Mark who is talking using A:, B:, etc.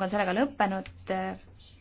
A: istung on sellega lõppenud.